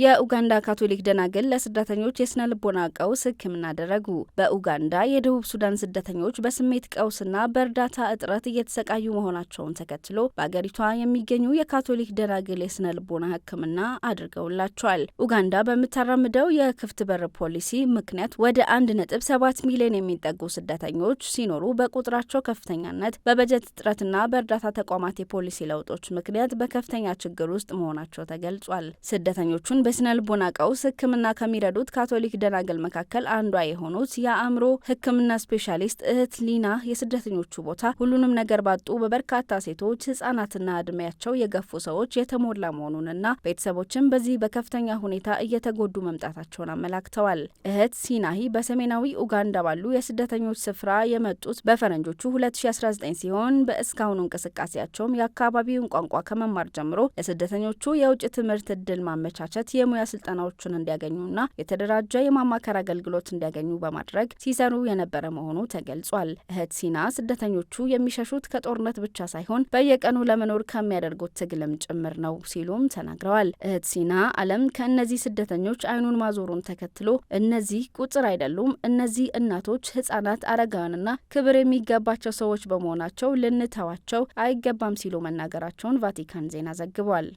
የኡጋንዳ ካቶሊክ ደናግል ለስደተኞች የስነ ልቦና ቀውስ ሕክምና አደረጉ። በኡጋንዳ የደቡብ ሱዳን ስደተኞች በስሜት ቀውስና በእርዳታ እጥረት እየተሰቃዩ መሆናቸውን ተከትሎ በአገሪቷ የሚገኙ የካቶሊክ ደናግል የስነ ልቦና ሕክምና አድርገውላቸዋል። ኡጋንዳ በምታራምደው የክፍት በር ፖሊሲ ምክንያት ወደ አንድ ነጥብ ሰባት ሚሊዮን የሚጠጉ ስደተኞች ሲኖሩ በቁጥራቸው ከፍተኛነት በበጀት እጥረትና በእርዳታ ተቋማት የፖሊሲ ለውጦች ምክንያት በከፍተኛ ችግር ውስጥ መሆናቸው ተገልጿል። ስደተኞቹን በስነ ልቦና ቀውስ ሕክምና ከሚረዱት ካቶሊክ ደናገል መካከል አንዷ የሆኑት የአእምሮ ሕክምና ስፔሻሊስት እህት ሊና የስደተኞቹ ቦታ ሁሉንም ነገር ባጡ በበርካታ ሴቶች፣ ህጻናትና እድሜያቸው የገፉ ሰዎች የተሞላ መሆኑንና ቤተሰቦችም በዚህ በከፍተኛ ሁኔታ እየተጎዱ መምጣታቸውን አመላክተዋል። እህት ሲናሂ በሰሜናዊ ኡጋንዳ ባሉ የስደተኞች ስፍራ የመጡት በፈረንጆቹ 2019 ሲሆን በእስካሁኑ እንቅስቃሴያቸውም የአካባቢውን ቋንቋ ከመማር ጀምሮ ለስደተኞቹ የውጭ ትምህርት እድል ማመቻቸት የሙያ ስልጠናዎችን እንዲያገኙና የተደራጀ የማማከር አገልግሎት እንዲያገኙ በማድረግ ሲሰሩ የነበረ መሆኑ ተገልጿል። እህት ሲና ስደተኞቹ የሚሸሹት ከጦርነት ብቻ ሳይሆን በየቀኑ ለመኖር ከሚያደርጉት ትግልም ጭምር ነው ሲሉም ተናግረዋል። እህት ሲና ዓለም ከእነዚህ ስደተኞች አይኑን ማዞሩን ተከትሎ እነዚህ ቁጥር አይደሉም፣ እነዚህ እናቶች፣ ህጻናት፣ አረጋውያንና ክብር የሚገባቸው ሰዎች በመሆናቸው ልንተዋቸው አይገባም ሲሉ መናገራቸውን ቫቲካን ዜና ዘግቧል።